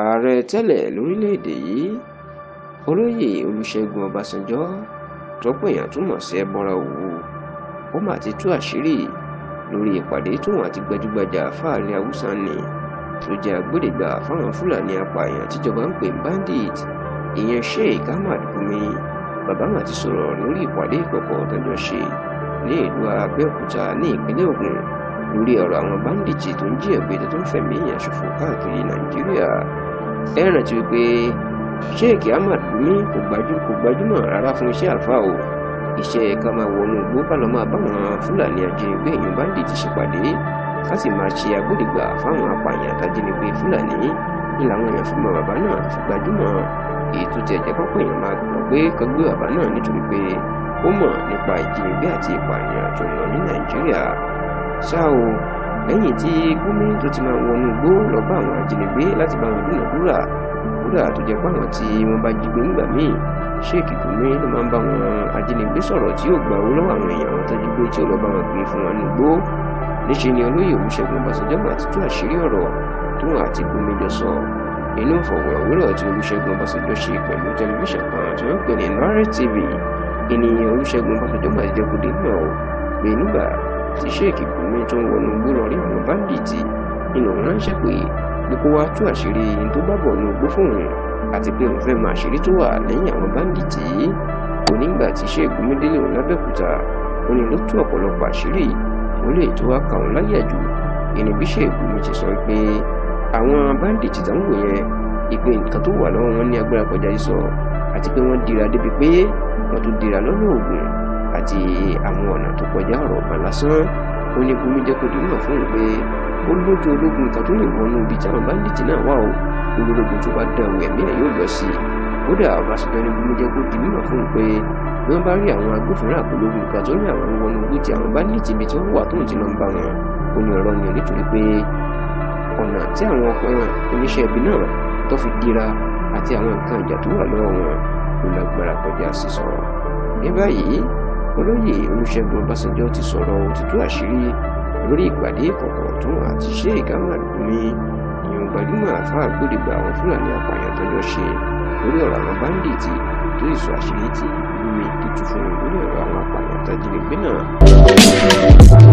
ààrẹ tẹ́lẹ̀ lórílẹ̀‐èdè yìí olóyè olùṣègùn ọbásanjọ́ tọ́pọ̀ èèyàn túmọ̀ sí ẹbọra òwú ó mà ti tú àṣírí lórí ìpàdé tóun àti gbajúgbajà fáàlì haúsá ni tó jẹ́ agbódegbà fáwọn fúlàní apààyàn tíjọba ń pè ń bandit ìyẹn sheikh ahmad gumi bàbá mà ti sọ̀rọ̀ lórí ìpàdé ìkọ̀kọ̀ tọ́jọ́ ṣe ní ìlú abẹ́òkúta ní ìpínlẹ̀ ògùn lórí orang àwọn báńdíjì tó ń jí ẹ̀gbẹ́ tó ń fẹ̀mí èèyàn Nigeria. káàkiri nak cuci. rántí wípé sheikh ahmad gumi kò gbajúmọ̀ rárá fún iṣẹ́ àlfà o iṣẹ́ ẹ̀ka máa wọnú igbó ká lọ máa báwọn fúlàní ajínigbé èèyàn di ṣèpàdé ká sì máa ṣe agbódìgbà fáwọn apààyàn àtàjínigbé fúlàní ní làwọn èèyàn fún bàbá náà fi gbajúmọ̀ ètò tí ẹ̀jẹ̀ pọ̀pọ̀ èèyàn máa gbọ́ pé kan gbé bàbá náà nítorí pé ó mọ̀ nípa ìjínigbé àti ìpànìyàn tó lọ ní ṣá o lẹ́yìn tí gómìnà tó ti máa wọnú igbó lọ bá àwọn ajínigbé láti bá wọn dúnàdúrà kódà tó jẹ́ pé àwọn tí wọ́n bá jí gbé nígbà míì ṣéèkì Gumi ló máa ń bá wọn ajínigbé sọ̀rọ̀ tí yóò gbà owó lọ́wọ́ àwọn èèyàn àwọn tọ́jú gbé tí ó lọ bá wọn gbé fún wọn ní igbó níṣe ni olóyè Olúṣẹ́gun Ọbásanjọ́ máa ti tú àṣírí ọ̀rọ̀ tóun àti Gumi jọ sọ inú ìfọ̀wọ̀rọ̀wérọ̀ tí Olúṣẹ́gun Ọbásanjọ́ ṣe pẹ̀lú tẹlifíṣàn kan tí wọ́n pè ní Nore TV ìní Olúṣẹ́gun máa ti jẹ́ kó dé náà pé nígbà tí sèkì Gumi tó ń wọnú igbó lọ rí àwọn báńdíìtì nínú ránṣẹ́ pé pé kó wá tú àṣírí yìí tó bá bọ̀ ní igbó fóun àti pé òun fẹ́ mọ àṣírí tó wà lẹ́yìn àwọn báńdíìtì kò nígbà tí sèkì Gumi délé òun lábẹ́òkúta ó ní ló tú ọ̀pọ̀lọpọ̀ àṣírí òun lè tó wá kà òun láyà jù ìní bí sèkì Gumi ti sọ pé àwọn báńdíìtì tó ń wò yẹn ìpè nǹkan tó wà lọ́wọ́ wọn ní agbára kọjá sísọ àti pé wọ́n dira débi pé wọ́n tún dira lọ́nà ògùn àti àwọn ọ̀nà tó kọjá ọ̀rọ̀ ọ̀bà lásán ó ní Gumi jẹ́ kó di mọ̀ fún un pé ó lójú ológun kan tó lè wọnú ibi táwọn báńdíìtì náà wà ó ológun tó bá dán ẹ̀mí ẹ̀ yóò lọ sí i kódà ọbaṣẹ́jọ́ ní Gumi jẹ́ kó di mọ̀ fún un pé bí wọ́n bá rí àwọn agbófinró àpológun kan tó ní àwọn wọnú ibi tí àwọn báńdíìtì ibi tí wọ́n wà tóun ti lọ ń bá wọn ó ní ọ̀rọ̀ ni nítorí pé ọ̀nà tí àwọn ọkùnrin oníṣẹ́ ibi náà tó fi dira àti àwọn olóyè olùṣègùn ọbásanjọ́ ti sọ̀rọ̀ òtítọ́ àṣírí lórí ìpàdé ìkọ̀kọ̀ ọ̀tún àti sheik ahmed gumi ìyọ̀n gbajúmọ̀ àfáà gbódìgbà àwọn fúlàní apààyàn tọ́jọ́ ṣe lórí ọ̀rọ̀ àwọn báńdíìtì tó ìsọ àṣírí ti gumi tuntun fún lórí ọ̀rọ̀ àwọn apààyàn tajínigbé náà.